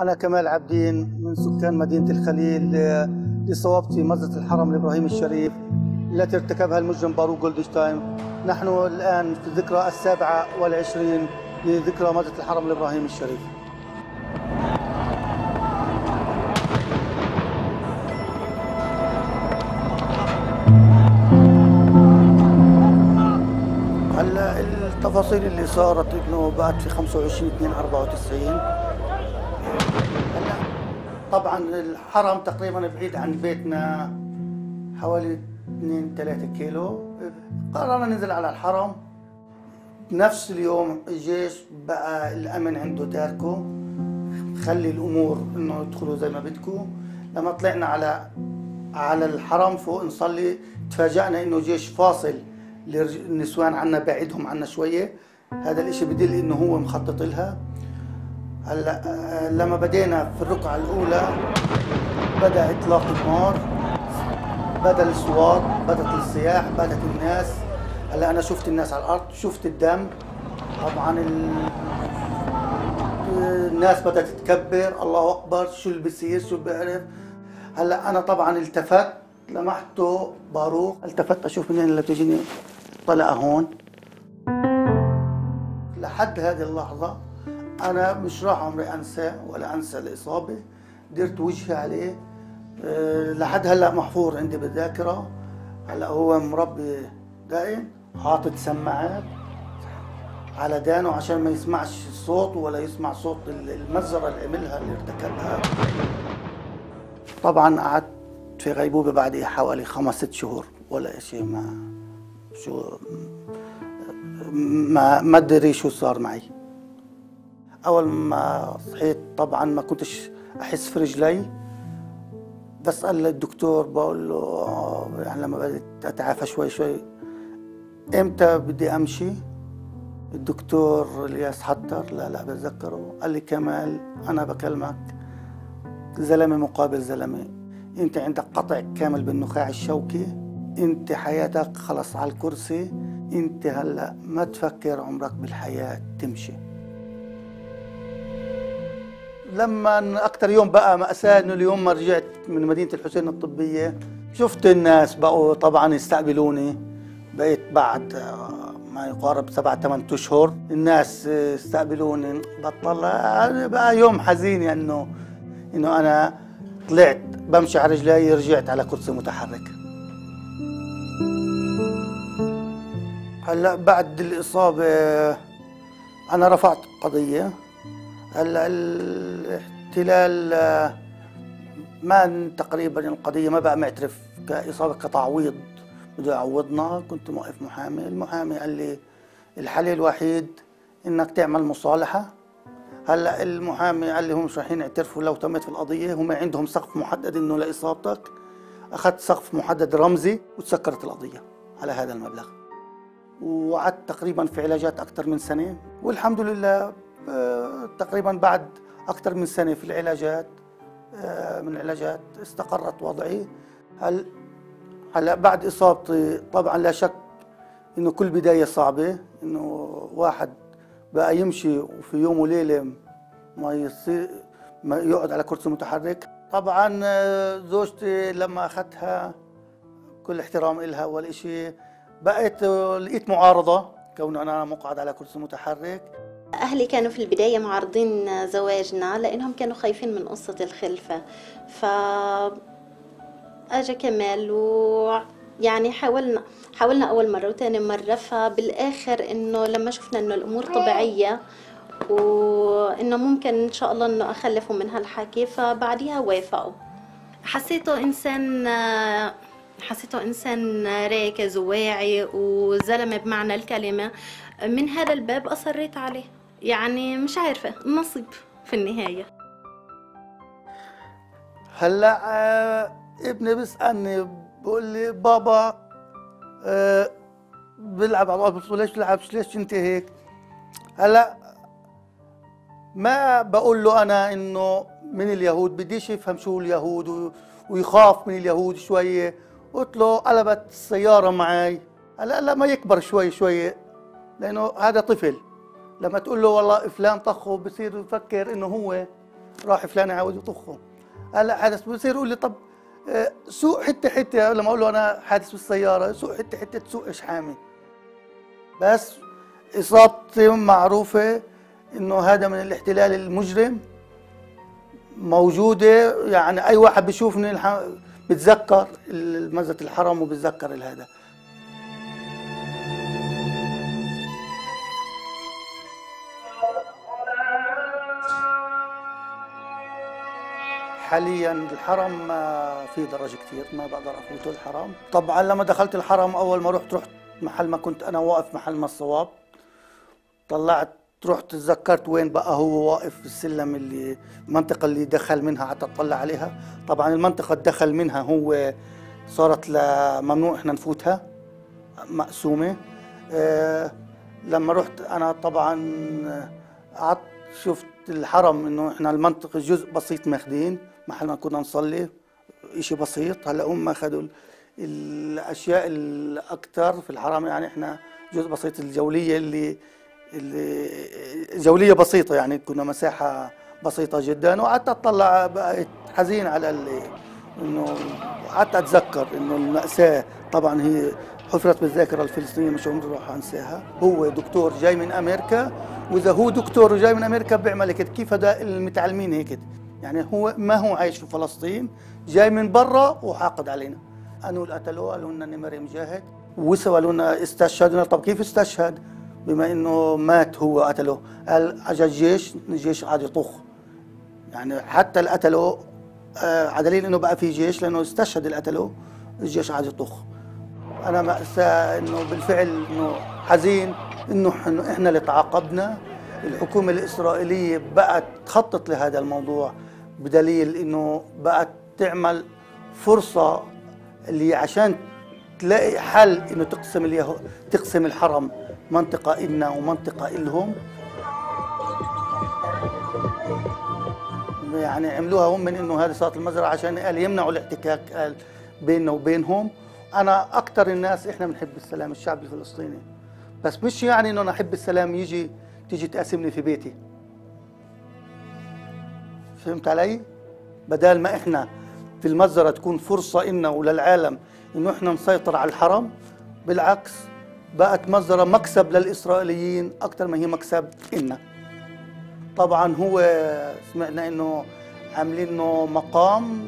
أنا كمال عبدين من سكان مدينة الخليل آه، لصواب في الحرم الإبراهيم الشريف التي ارتكبها المجرم باروك جولدشتاين نحن الآن في الذكرى السابعة والعشرين لذكرى مسجد الحرم الإبراهيم الشريف هلا التفاصيل اللي صارت انه بعد في 25 2 94 طبعا الحرم تقريبا بعيد عن بيتنا حوالي 2 3 كيلو قررنا ننزل على الحرم نفس اليوم الجيش بقى الامن عنده تاركه خلي الامور انه يدخلوا زي ما بدكم لما طلعنا على على الحرم فوق نصلي تفاجأنا انه جيش فاصل النسوان عنا بعيدهم عنا شويه هذا الاشي بدل انه هو مخطط لها هلا آه، لما بدينا في الرقعة الأولى بدأ إطلاق النار بدأ الأصوات بدأت الصياح بدأت الناس هلا أنا شفت الناس على الأرض شفت الدم طبعا ال... الناس بدأت تكبر الله أكبر شو اللي بيصير شو بيعرف هلا أنا طبعا التفت لمحته باروق التفت أشوف منين اللي بتجيني طلع هون لحد هذه اللحظة انا مش راح عمري انساه ولا انسى الاصابه درت وجهي عليه أه لحد هلا محفور عندي بالذاكره هلا هو مربي دائم حاطط سماعات على دانه عشان ما يسمعش الصوت ولا يسمع صوت المزرعه اللي عملها اللي ارتكبها طبعا قعدت في غيبوبه بعد حوالي خمس ست شهور ولا شيء ما شو ما ما ادري شو صار معي اول ما صحيت طبعا ما كنتش احس في رجلي بسال الدكتور بقول له يعني لما بدات اتعافى شوي شوي امتى بدي امشي الدكتور الياس حتر لا لا بتذكره قال لي كمال انا بكلمك زلمه مقابل زلمه انت عندك قطع كامل بالنخاع الشوكي انت حياتك خلص على الكرسي انت هلا ما تفكر عمرك بالحياه تمشي لما اكثر يوم بقى ماساه انه اليوم ما رجعت من مدينه الحسين الطبيه شفت الناس بقوا طبعا يستقبلوني بقيت بعد آه، ما يقارب سبعة ثمان اشهر الناس استقبلوني آه، بطل آه، بقى يوم حزين يعني انه انه انا طلعت بمشي على رجلي رجعت على كرسي متحرك هلا بعد الاصابه انا رفعت قضيه الاحتلال آه، ما تقريبا القضية ما بقى معترف كإصابة كتعويض بده يعوضنا كنت موقف محامي المحامي قال لي الحل الوحيد انك تعمل مصالحة هلا المحامي قال لي هم مش رايحين يعترفوا لو تمت في القضية هم عندهم سقف محدد انه لإصابتك أخذت سقف محدد رمزي وتسكرت القضية على هذا المبلغ وقعدت تقريبا في علاجات أكثر من سنة والحمد لله آه، تقريبا بعد أكثر من سنة في العلاجات آه، من العلاجات استقرت وضعي هل هلا بعد إصابتي طبعا لا شك إنه كل بداية صعبة إنه واحد بقى يمشي وفي يوم وليلة ما يصير ما يقعد على كرسي متحرك طبعا آه، زوجتي لما أخذتها كل احترام إلها أول شيء بقيت لقيت معارضة كون أنا مقعد على كرسي متحرك أهلي كانوا في البداية معارضين زواجنا لأنهم كانوا خايفين من قصة الخلفة ف أجا كمال و يعني حاولنا حاولنا أول مرة وتاني مرة فبالآخر إنه لما شفنا إنه الأمور طبيعية وإنه ممكن إن شاء الله إنه أخلفه من هالحكي فبعديها وافقوا حسيته إنسان حسيته إنسان راكز وواعي وزلمة بمعنى الكلمة من هذا الباب أصريت عليه يعني مش عارفة نصيب في النهاية هلا آه، ابني بيسألني بقول لي بابا بلعب آه، بيلعب على الارض ليش بتلعبش ليش انت هيك هلا ما بقول له انا انه من اليهود بديش يفهم شو اليهود ويخاف من اليهود شويه قلت له قلبت السياره معي هلا لما يكبر شوي شوي لانه هذا طفل لما تقول له والله فلان طخه بصير يفكر انه هو راح فلان عاوز يطخه هلا حادث بصير يقول لي طب آه، سوق حته حته لما اقول له انا حادث بالسياره سوق حته حته سوق اشحامي بس اصابتي معروفه انه هذا من الاحتلال المجرم موجوده يعني اي واحد بيشوفني بتذكر مزه الحرم وبتذكر هذا حاليا الحرم في درجه كثير ما بقدر افوته الحرم طبعا لما دخلت الحرم اول ما رحت رحت محل ما كنت انا واقف محل ما الصواب طلعت رحت تذكرت وين بقى هو واقف في السلم اللي المنطقه اللي دخل منها حتى اطلع عليها طبعا المنطقه اللي دخل منها هو صارت ممنوع احنا نفوتها مقسومه أه لما رحت انا طبعا آه، قعدت شفت الحرم انه احنا المنطقه جزء بسيط ماخذين محل ما كنا نصلي شيء بسيط هلا هم اخذوا الاشياء الاكثر في الحرم يعني احنا جزء بسيط الجوليه اللي, اللي جوليه بسيطه يعني كنا مساحه بسيطه جدا وقعدت اطلع بقيت حزين على اللي انه قعدت اتذكر انه الماساه طبعا هي حفرت بالذاكره الفلسطينيه مش عمري راح انساها هو دكتور جاي من امريكا واذا هو دكتور وجاي من امريكا بيعمل كيف هذا المتعلمين هيك يعني هو ما هو عايش في فلسطين جاي من برا وحاقد علينا أنو قتلوه قالوا لنا إن مريم جاهد وسألونا استشهدنا طب كيف استشهد بما إنه مات هو قتله قال اجى الجيش الجيش قعد يطخ يعني حتى اللي قتلوه آه، على دليل انه بقى في جيش لانه استشهد اللي قتلوه الجيش قعد يطخ انا مأساة انه بالفعل انه حزين انه احنا اللي تعاقبنا الحكومة الاسرائيلية بقت تخطط لهذا الموضوع بدليل انه بقت تعمل فرصه اللي عشان تلاقي حل انه تقسم اليهو تقسم الحرم منطقه النا ومنطقه الهم يعني عملوها هم من انه هذه صارت المزرعه عشان قال يمنعوا الاحتكاك قال بيننا وبينهم انا اكثر الناس احنا بنحب السلام الشعب الفلسطيني بس مش يعني انه انا احب السلام يجي تيجي تقاسمني في بيتي فهمت علي؟ بدل ما احنا في المجزرة تكون فرصة إلنا وللعالم إنه إحنا نسيطر على الحرم بالعكس بقت مجزرة مكسب للإسرائيليين أكثر ما هي مكسب إلنا طبعا هو سمعنا إنه عاملين له مقام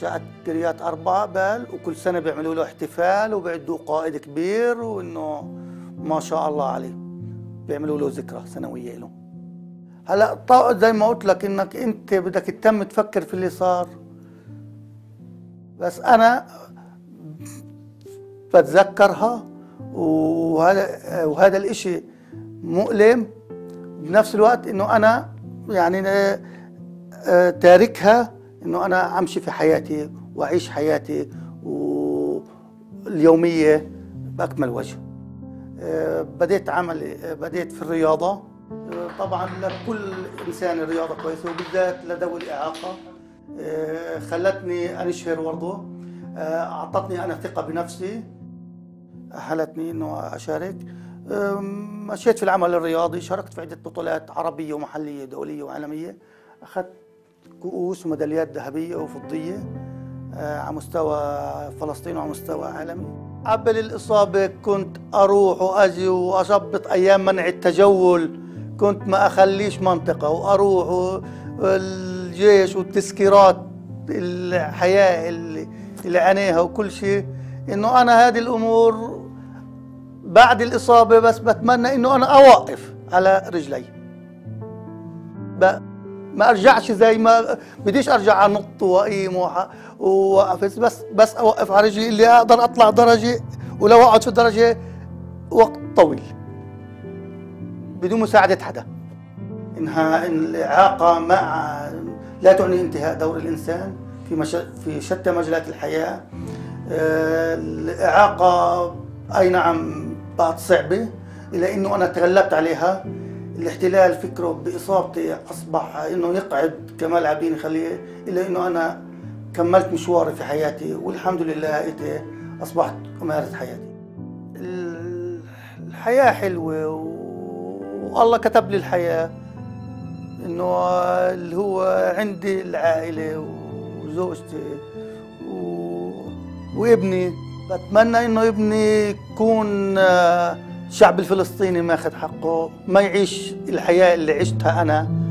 شقة كريات أربعة بال وكل سنة بيعملوا له احتفال وبيعدوا قائد كبير وإنه ما شاء الله عليه بيعملوا له ذكرى سنوية له هلا زي ما قلت لك انك انت بدك تتم تفكر في اللي صار بس انا بتذكرها وهذا وهذا الاشي مؤلم بنفس الوقت انه انا يعني آه، آه، تاركها انه انا امشي في حياتي واعيش حياتي واليوميه باكمل وجه آه، بديت عمل بديت في الرياضه طبعا لكل انسان الرياضه كويسه وبالذات لذوي الاعاقه آه، خلتني انشهر برضه آه، اعطتني انا ثقه بنفسي اهلتني انه اشارك مشيت في العمل الرياضي شاركت في عده بطولات عربيه ومحليه دوليه وعالميه اخذت كؤوس وميداليات ذهبيه وفضيه آه، على مستوى فلسطين وعلى مستوى عالمي قبل الإصابة كنت أروح وأجي وأشبط أيام منع التجول كنت ما اخليش منطقه واروح الجيش والتسكيرات الحياه اللي, اللي عانيها وكل شيء انه انا هذه الامور بعد الاصابه بس بتمنى انه انا اوقف على رجلي ما ارجعش زي ما بديش ارجع انط واقيم ووقف بس بس اوقف على رجلي اللي اقدر اطلع درجه ولو اقعد في الدرجه وقت طويل بدون مساعدة حدا إنها الإعاقة ما لا تعني انتهاء دور الإنسان في, مش... في شتى مجالات الحياة آه، الإعاقة أي نعم بعد صعبة إلى أنه أنا تغلبت عليها الاحتلال فكره بإصابتي أصبح أنه يقعد كمال عابدين خليه إلى أنه أنا كملت مشواري في حياتي والحمد لله أصبحت أمارس حياتي الحياة حلوة و والله كتب لي الحياه انه اللي هو عندي العائله وزوجتي و... وابني بتمنى انه ابني يكون الشعب آه، الفلسطيني ماخذ حقه ما يعيش الحياه اللي عشتها انا